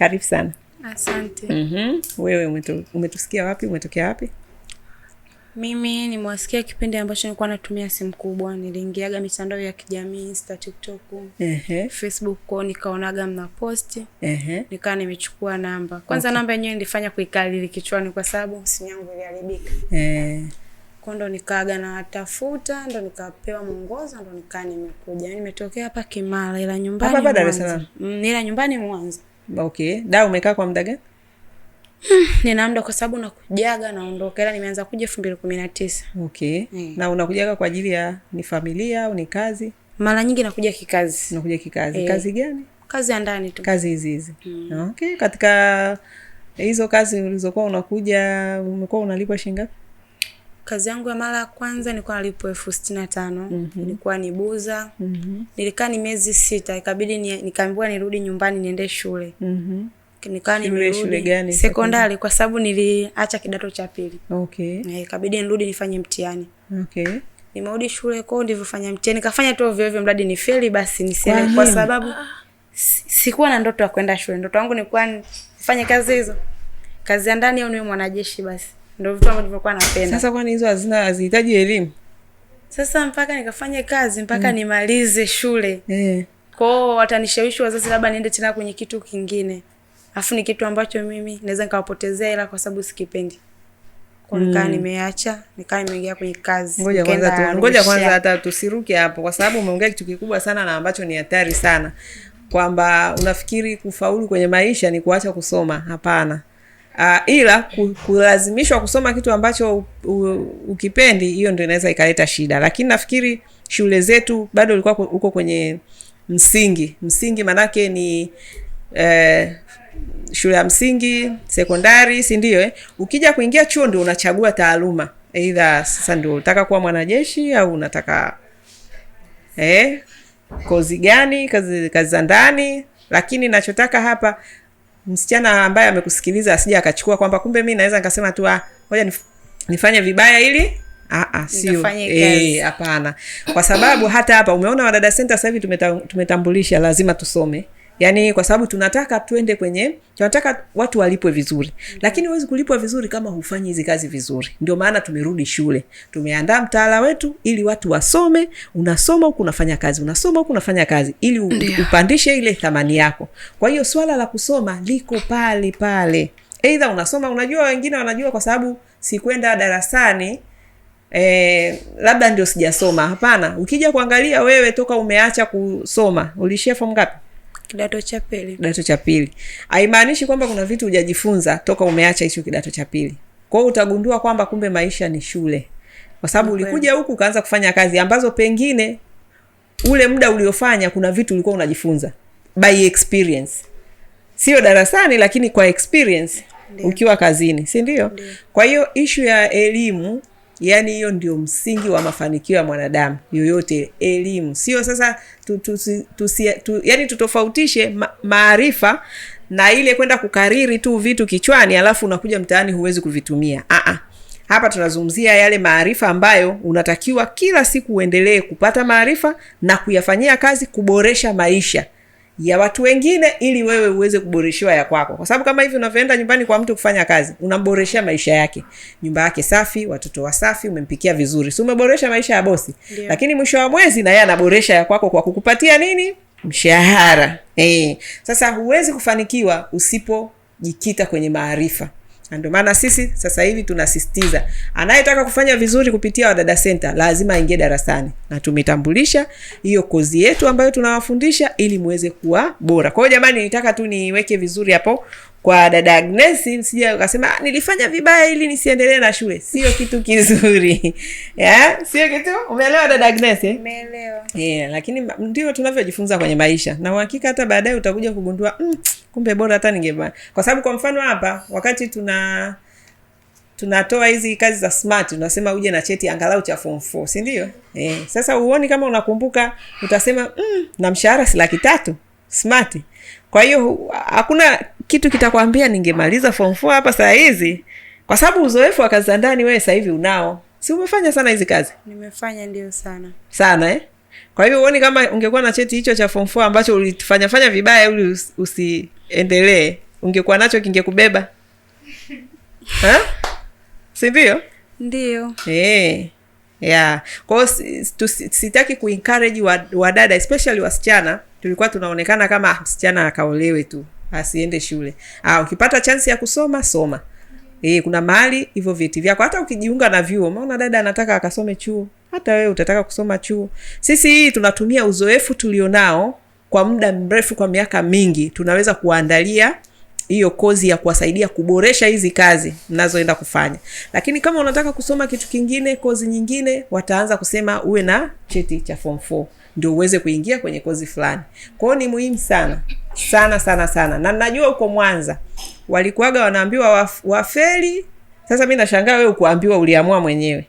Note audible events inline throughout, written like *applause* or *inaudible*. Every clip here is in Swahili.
Karibu sana. Asante. Mm-hmm. Wewe umetu, umetusikia wapi? Umetokea wapi? Mimi nimewasikia kipindi ambacho nilikuwa natumia simu kubwa, niliingiaga mitandao ya kijamii Insta, TikTok, uh-huh. Facebook kwao, nikaonaga mna posti uh-huh. Nikawa nimechukua namba kwanza, okay. Namba yenyewe nilifanya kuikalili kichwani kwa sababu simu yangu iliharibika uh-huh. Kwao ndo nikaaga natafuta, ndo nikapewa mwongozo, ndo nikaa nimekuja, yaani nimetokea hapa Kimara, ila nyumbani mm, ila nyumbani Mwanza. Okay. Da, umekaa kwa muda gani? Hmm, nina muda kwa sababu nakujaga naondoka, ila yaani nimeanza kuja elfu mbili kumi na tisa. Okay. Hmm. Na unakujaga kwa ajili ya ni familia au ni kazi? Mara nyingi nakuja kikazi. Nakuja kikazi. Hey. Eh. Kazi gani? Kazi ya ndani tu. Kazi hizi hizi. Hmm. Okay. Katika hizo kazi ulizokuwa unakuja umekuwa unalipwa shilingi ngapi? kazi yangu ya mara ya kwanza nilikuwa nalipo elfu sitini na tano mm -hmm. Nilikuwa ni buza mm -hmm. Nilikaa ni miezi sita, ikabidi ni, nikaambiwa nirudi nyumbani niende shule mm -hmm. Nikawa nimerudi sekondari kwa sababu niliacha kidato cha pili okay. Ikabidi nirudi nifanye mtihani okay. Nimerudi shule kwa ndivyo fanya mtihani kafanya tu ovyo ovyo, mradi nifeli basi nisiende, kwa sababu sikuwa na ndoto ya kwenda shule. Ndoto yangu nilikuwa nifanye kazi hizo, kazi ya ndani au niwe mwanajeshi basi ndio vitu ambavyo nilikuwa napenda. Sasa kwani hizo hazina hazihitaji elimu? Sasa mpaka nikafanye kazi mpaka mm. nimalize shule mm. kwao watanishawishi wazazi labda niende tena kwenye kitu kingine, afu ni kitu ambacho mimi naweza nikawapotezea hela kwa sababu sikipendi. Nikaa mm. nimeacha nikaa nimeingia kwenye kazi. Ngoja kwanza, tu, ngoja kwanza hata tusiruke hapo, kwa sababu umeongea kitu kikubwa sana na ambacho ni hatari sana, kwamba unafikiri kufaulu kwenye maisha ni kuacha kusoma. Hapana. Uh, ila kulazimishwa kusoma kitu ambacho u, u, ukipendi, hiyo ndio inaweza ikaleta shida, lakini nafikiri shule zetu bado ulikuwa uko kwenye msingi. Msingi manake ni eh, shule ya msingi, sekondari, si ndio eh? Ukija kuingia chuo ndio unachagua taaluma, aidha sasa ndio unataka kuwa mwanajeshi au unataka eh, kozi gani, kazi za ndani, lakini nachotaka hapa msichana ambaye amekusikiliza asija akachukua kwamba kumbe mi naweza nikasema tu ah, ngoja nifanye vibaya ili ah, ah, sio eh, hapana. E, kwa sababu hata hapa umeona Wadada Senta sasa hivi tumetambulisha, lazima tusome yani kwa sababu tunataka tuende kwenye, tunataka watu walipwe vizuri, mm-hmm. lakini huwezi kulipwa vizuri kama hufanyi hizi kazi vizuri. Ndio maana tumerudi shule, tumeandaa mtaala wetu ili watu wasome. Unasoma huku unafanya kazi, unasoma huku unafanya kazi, ili upandishe ile thamani yako. Kwa hiyo swala la kusoma liko pale pale, eidha unasoma. Unajua wengine wanajua kwa sababu sikwenda darasani Eh, labda ndio sijasoma. Hapana, ukija kuangalia wewe, toka umeacha kusoma ulishia form ngapi? kidato cha pili, kidato cha pili haimaanishi kwamba kuna vitu hujajifunza toka umeacha hicho kidato cha pili. Kwa hiyo utagundua kwamba kumbe maisha ni shule, kwa sababu ulikuja huku ukaanza kufanya kazi ambazo pengine ule muda uliofanya kuna vitu ulikuwa unajifunza by experience, sio darasani, lakini kwa experience Ndiyo. ukiwa kazini, si ndio? Kwa hiyo ishu ya elimu Yaani hiyo ndio msingi wa mafanikio ya mwanadamu yoyote, elimu. Sio sasa tu, tu, tu, tu, yani tutofautishe maarifa na ile kwenda kukariri tu vitu kichwani, alafu unakuja mtaani huwezi kuvitumia. Aa, hapa tunazungumzia yale maarifa ambayo unatakiwa kila siku uendelee kupata maarifa na kuyafanyia kazi kuboresha maisha ya watu wengine ili wewe uweze kuboreshiwa ya kwako, kwa sababu kama hivi unavyoenda nyumbani kwa mtu kufanya kazi, unamboreshea maisha yake, nyumba yake safi, watoto wasafi, umempikia vizuri, si umeboresha maisha ya bosi? Yeah. Lakini mwisho wa mwezi na yeye anaboresha ya kwako kwa kukupatia nini? Mshahara. Eh, sasa huwezi kufanikiwa usipojikita kwenye maarifa na ndio maana sisi sasa hivi tunasisitiza anayetaka kufanya vizuri kupitia Wadada Center lazima aingie darasani, na tumetambulisha hiyo kozi yetu ambayo tunawafundisha ili muweze kuwa bora. Kwa hiyo jamani, nitaka tu niweke vizuri hapo kwa dada Agnesi, msija ukasema ah, nilifanya vibaya ili nisiendelee na shule. Sio kitu kizuri *laughs* yeah? Sio kitu umeelewa, dada agnes eh? yeah, lakini ndio tunavyojifunza kwenye maisha, na uhakika hata baadaye utakuja kugundua mm, kumbe bora hata ningeba kwa sababu kwa mfano hapa wakati tuna tunatoa hizi kazi za smart tunasema uje na cheti angalau cha form 4 si ndio? Eh, sasa uoni kama unakumbuka utasema mm, na mshahara si laki tatu smart. Kwa hiyo hakuna kitu kitakwambia ningemaliza form four hapa saa hizi, kwa sababu uzoefu wa kazi za ndani wewe sahivi hivi unao, si umefanya sana hizi kazi? Nimefanya ndio, sana sana eh? Kwa hiyo uoni kama ungekuwa na cheti hicho cha form four ambacho ulifanyafanya vibaya ili usiendelee, ungekuwa nacho kingekubeba *laughs* sindio ndio? Ndio eh. sitaki kuenkareji wadada especially wasichana, tulikuwa tunaonekana kama ah, msichana akaolewe tu asiende shule. Ah, ukipata chansi ya kusoma soma. Eh, kuna mahali hivyo vyeti vyako hata ukijiunga na vyuo. maona dada anataka akasome chuo. Hata wewe utataka kusoma chuo. Sisi hii tunatumia uzoefu tulionao kwa muda mrefu, kwa miaka mingi, tunaweza kuandalia hiyo kozi ya kuwasaidia kuboresha hizi kazi mnazoenda kufanya. Lakini kama unataka kusoma kitu kingine, kozi nyingine, wataanza kusema uwe na cheti cha form 4 ndio uweze kuingia kwenye kozi fulani. Kwa hiyo ni muhimu sana sana sana sana, na najua huko Mwanza walikuwaga wanaambiwa waf, wafeli. Sasa mi nashangaa wewe ukuambiwa, uliamua mwenyewe.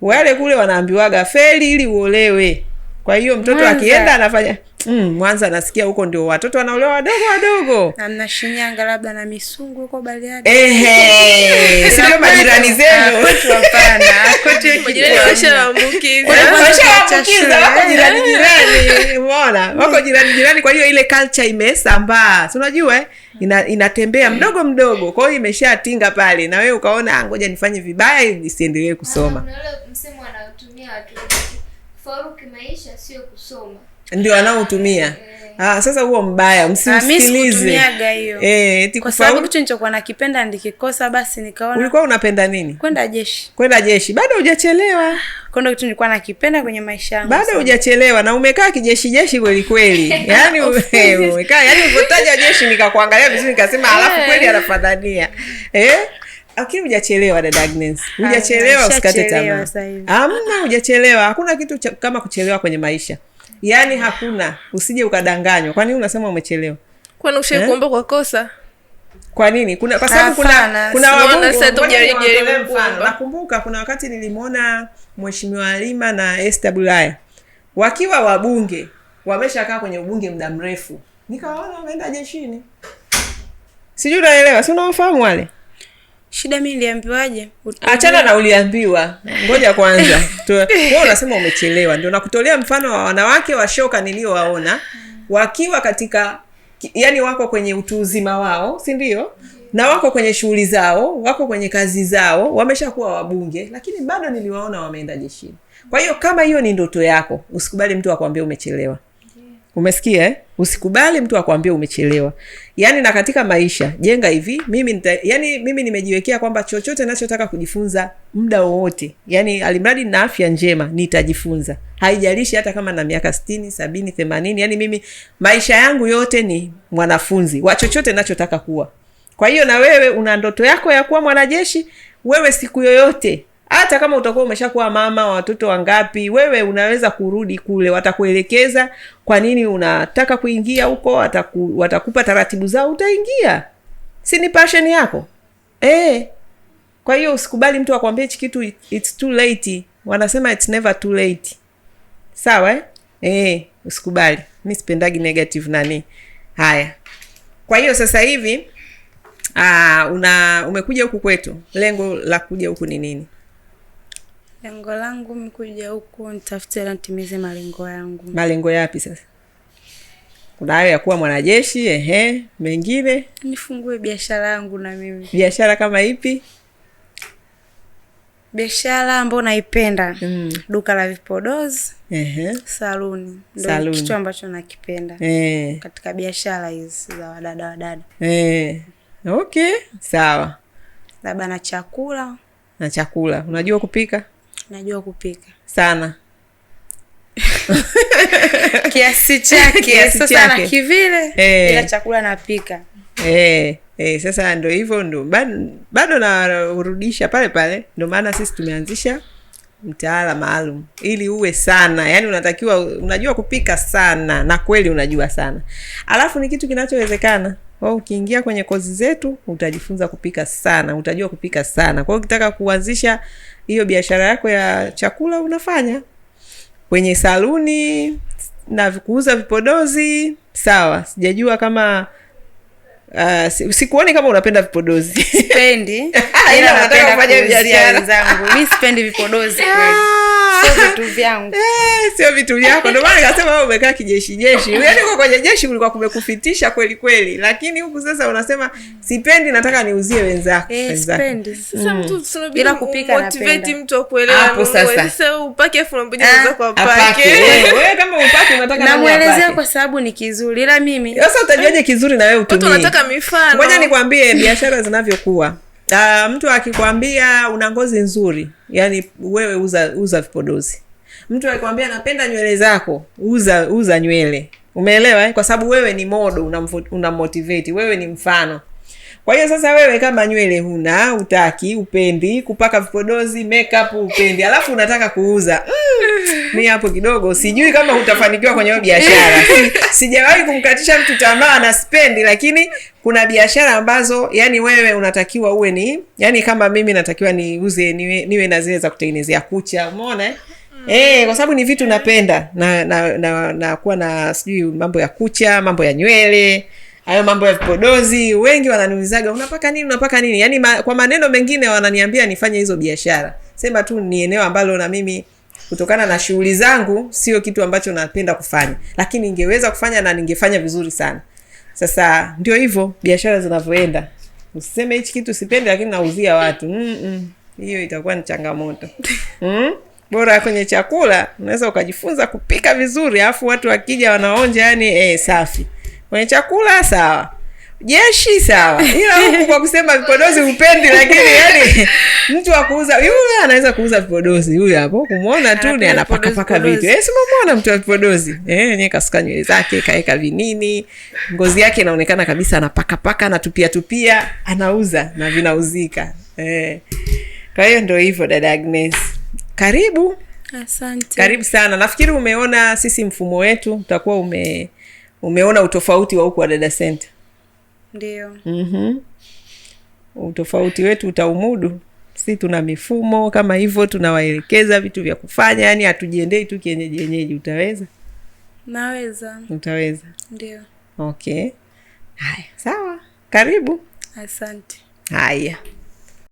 Wale kule wanaambiwaga feli ili uolewe kwa hiyo mtoto akienda anafanya mm, Mwanza nasikia huko ndio watoto wanaolewa wadogo wadogo, namna Shinyanga labda na Misungu huko Bariadi, sio *laughs* majirani ah, zenu *laughs* wako jirani jirani, *laughs* umeona, wako jirani jirani. Kwa hiyo ile culture imesambaa, si unajua eh? ina, inatembea mdogo mdogo, kwa hiyo imeshatinga pale, na wewe ukaona ah, ngoja nifanye vibaya ili nisiendelee kusoma. Msemo ndio anaotumia eh. Ah, sasa huo mbaya, ah, msimsikilize e, nakipenda ndikikosa, basi nikaona. Ulikuwa unapenda nini? Kwenda jeshi. Kwenda jeshi, bado hujachelewa kitu nilikuwa nakipenda kwenye maisha yangu, bado hujachelewa na umekaa kijeshi jeshi kweli kweli, *laughs* yaani *laughs* umekaa, yaani ulivyotaja jeshi nikakuangalia vizuri, nikasema alafu eh. kweli anafadhania eh lakini hujachelewa dada Agnes, hujachelewa, usikate tamaa. Hamna, hujachelewa. Hakuna kitu cha, kama kuchelewa kwenye maisha, yaani hakuna. Usije ukadanganywa. Kwa nini unasema umechelewa? Kwani ushakuomba eh? kwa kosa? Kwa nini? Kuna kwa sababu kuna kuna wabungu. Nakumbuka kuna wakati nilimwona Mheshimiwa Halima na Esther Bulaya wakiwa wabunge, wameshakaa kwenye ubunge muda mrefu, nikawaona wameenda jeshini. Sijui unaelewa, si unaofahamu wale Shida mi niliambiwaje? Achana na uliambiwa, ngoja kwanza. *laughs* Wewe unasema umechelewa, ndio nakutolea mfano wa wanawake washoka niliowaona wakiwa katika yani, wako kwenye utu uzima wao, si ndio? na wako kwenye shughuli zao, wako kwenye kazi zao, wameshakuwa wabunge, lakini bado niliwaona wameenda jeshini. Kwa hiyo kama hiyo ni ndoto yako, usikubali mtu akwambia umechelewa. Umesikia eh? Usikubali mtu akwambie umechelewa. yani na katika maisha jenga hivi, mimi nita, yani mimi nimejiwekea kwamba chochote nachotaka kujifunza muda wowote. yani alimradi na afya njema nitajifunza. Haijalishi hata kama na miaka 60, sabini themanini yani mimi maisha yangu yote ni mwanafunzi wa chochote nachotaka kuwa. Kwa hiyo na wewe una ndoto yako ya kuwa mwanajeshi, wewe siku yoyote hata kama utakuwa umeshakuwa mama wa watoto wangapi, wewe unaweza kurudi kule, watakuelekeza kwa nini unataka kuingia huko, wataku, watakupa taratibu zao, utaingia. Si ni passion yako e. Kwa hiyo usikubali mtu akwambia hichi kitu it's too late. Wanasema it's never too late, sawa eh? E, usikubali. Mi sipendagi negative nani haya. Kwa hiyo sasa hivi aa, ah, una umekuja huku kwetu, lengo la kuja huku ni nini? Lengo langu mimi kuja huku nitafute hela nitimize malengo yangu. Malengo yapi sasa? Kuna hayo ya kuwa mwanajeshi, ehe, mengine nifungue biashara yangu na mimi. Biashara kama ipi? Biashara ambayo naipenda mm. Duka la vipodozi ehe, saluni ndio kitu ambacho nakipenda ehe, katika biashara hizi za wadada wadada ehe. Okay, sawa. Labda na chakula. Na chakula, unajua kupika? Najua kupika sana *laughs* kiasi chake, sasa na kivile hey. Eh. Ila chakula napika hey. Eh, eh, hey, sasa ndo hivyo ndo bado narudisha pale pale, ndo maana sisi tumeanzisha mtaala maalum ili uwe sana, yani unatakiwa unajua kupika sana, na kweli unajua sana, alafu ni kitu kinachowezekana. Kwa ukiingia kwenye kozi zetu utajifunza kupika sana, utajua kupika sana. Kwa hiyo ukitaka kuanzisha hiyo biashara yako ya chakula unafanya kwenye saluni na kuuza vipodozi, sawa. Sijajua kama Uh, sikuoni kama unapenda vipodozi *laughs* ah, yaani ila unataka kufanya biashara zangu sipendi vipodozi *laughs* ah. sio vitu vyangu eh, sio vitu vyako ndio maana nikasema umekaa kijeshi jeshi *laughs* yaani uko kwenye jeshi ulikuwa kumekufitisha kweli kweli lakini huku sasa unasema sipendi nataka niuzie wenzako eh, mm. sasa mtu bila kupika motivate mtu akuelewa hapo sasa yaani sasa upake wewe kama upake unataka namuelezea kwa sababu ni kizuri ila mimi sasa utajuaje yaani kizuri na wewe utumie mifano. Ngoja nikwambie biashara zinavyokuwa. Uh, mtu akikwambia una ngozi nzuri, yani wewe uza uza vipodozi. Mtu akikwambia napenda nywele zako, uza uza nywele. Umeelewa eh? Kwa sababu wewe ni modo, unamotiveti una wewe ni mfano. Kwa hiyo sasa, wewe kama nywele huna, utaki, upendi kupaka vipodozi, makeup upendi, alafu unataka kuuza mm, mi hapo kidogo sijui kama utafanikiwa kwenye biashara. *laughs* Sijawahi kumkatisha mtu tamaa na spendi, lakini kuna biashara ambazo yani wewe unatakiwa uwe ni yani, kama mimi natakiwa niuze niwe, niwe na zile za kutengenezea kucha, umeona eh? Mm. eh kwa sababu ni vitu napenda na na, na, na kuwa na sijui mambo ya kucha, mambo ya nywele hayo mambo ya vipodozi. Wengi wananiulizaga unapaka nini, unapaka nini? Yaani ma, kwa maneno mengine wananiambia nifanye hizo biashara. Sema tu ni eneo ambalo na mimi kutokana na shughuli zangu sio kitu ambacho napenda kufanya, lakini ningeweza kufanya na ningefanya vizuri sana. Sasa ndio hivyo biashara zinavyoenda. Usiseme hichi kitu sipendi, lakini nauzia watu hiyo. mm -mm. Itakuwa ni changamoto *laughs* mm? Bora kwenye chakula unaweza ukajifunza kupika vizuri, alafu watu wakija wanaonja, yani eh, safi kwenye chakula sawa jeshi sawa, ila kwa kusema vipodozi upendi, lakini yani mtu akuuza yule anaweza kuuza vipodozi huyu hapo, kumwona tu ni anapakapaka vitu eh, si muona mtu wa vipodozi eh, yeye kasuka nywele zake kaeka vinini, ngozi yake inaonekana kabisa, anapakapaka anatupia tupia, anauza na vinauzika eh. Kwa hiyo ndio hivyo, dada Agnes, karibu. Asante, karibu sana. Nafikiri umeona sisi mfumo wetu utakuwa ume Umeona utofauti wa huku wa dada senta Ndio. mm-hmm. Utofauti wetu utaumudu? Si tuna mifumo kama hivyo, tunawaelekeza vitu vya kufanya, yaani hatujiendei tu kienyeji yenyeji. Utaweza? Naweza. Utaweza? Ndio. Okay, haya, sawa, karibu. Asante. Haya.